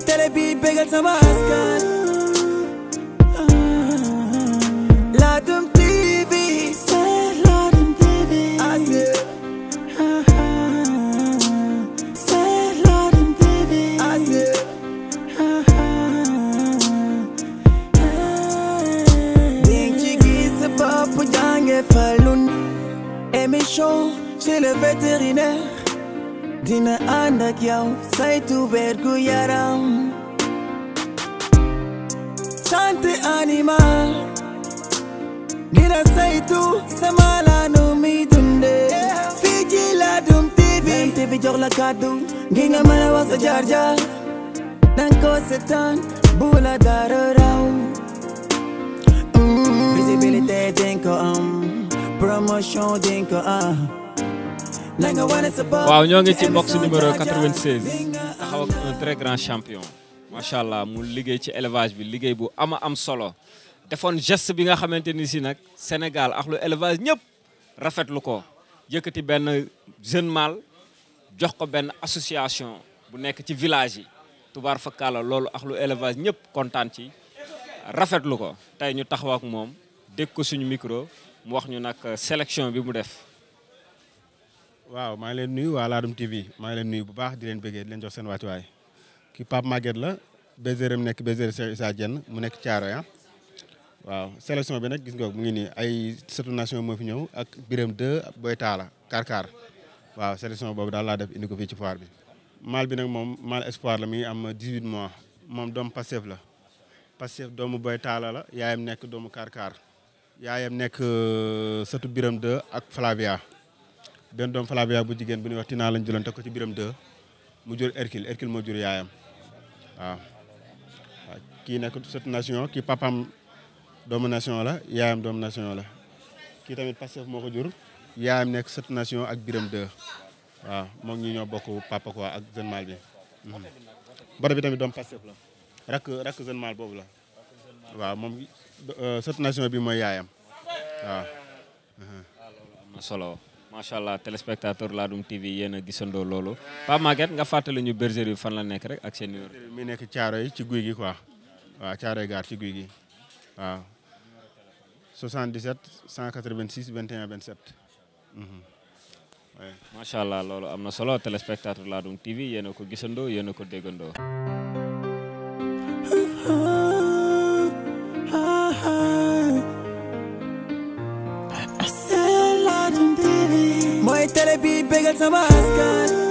teg télé bi bégal sama askan Ladoum TV c'est Ladoum TV c'est Ladoum TV ding ci gis sa bopp jànge falun émission chez le vétérinaire dina ànd ak yow saytu wergu yaram santé animal dina saytu sama laanu mi dunde fii la kàddu ngi nga mën a wax sa jaar-jaar danga ko seetaan dara raw visibilité dinga am promotion dinga am waaw ñoo ngi ci box numéro 96 taxaw un très grand champion macha allah mu liggéey ci élevage bi liggéey bu ama am solo defoon geste bi nga xamante ni si nag Sénégal ak lu élevage ñëpp lu ko yëkkati benn jeune mal jox ko benn association bu nekk ci village yi tubaar fakkaala loolu ak lu élevage ñëpp kontaan ci rafetlu ko tey ñu taxaw moom dégg ko suñu micro mu wax ñu nag euh, sélection bi mu def waaw maa ngi leen nuyu waa Laadum TV maa leen nuyu bu baax di leen bëggee di leen jox seen wàccuwaay kii Pape Maguette la bésërëm nekk bésër Cheikh Issa Diène mu nekk Thiaroye ah waaw sélection bi nag gis nga mu ngi nii ay satu nation moo fi ñëw ak Birame 2 Boy Talla Karkar waaw sélection boobu daal laa def indi ko fii ci foire bi mal bi nag moom mal espoir la mi ngi am 18 mois moom doomu Pastef la Pastef doomu Boy Talla la yaayam nekk doomu Karkar yaayam nekk euh, satu Birame 2 ak Flavia benn doom Flavia bu jigéen bu ñuy wax Tina lañ jëloon ko ci biram 2 mu jur Hercule Hercule moo jur yaayam waaw kii nekk cette nation kii papam doomu nation la yaayam doomu nation la kii tamit Pastef moo ko jur yaayam nekk cette nation ak biram 2 waaw moom ñi bi mhm. boro bi la boobu la waaw moom euh, nation bi mooy yaayam waaw mhm. macha allah téléspectateur Ladoum TV yéen a gisandoo loolu Pape Maguette nga fàttali ñu bergerie fan la nekk rek ak seen numéro. mi nekk caaro yi ci guy gi quoi waaw caaro gaar ci guy gi waaw 77 186 21 27. macha allah loolu am na solo téléspectateur Ladoum TV yéen a ko gisandoo yéen a ko déggandoo. may télé bi bégal sama askan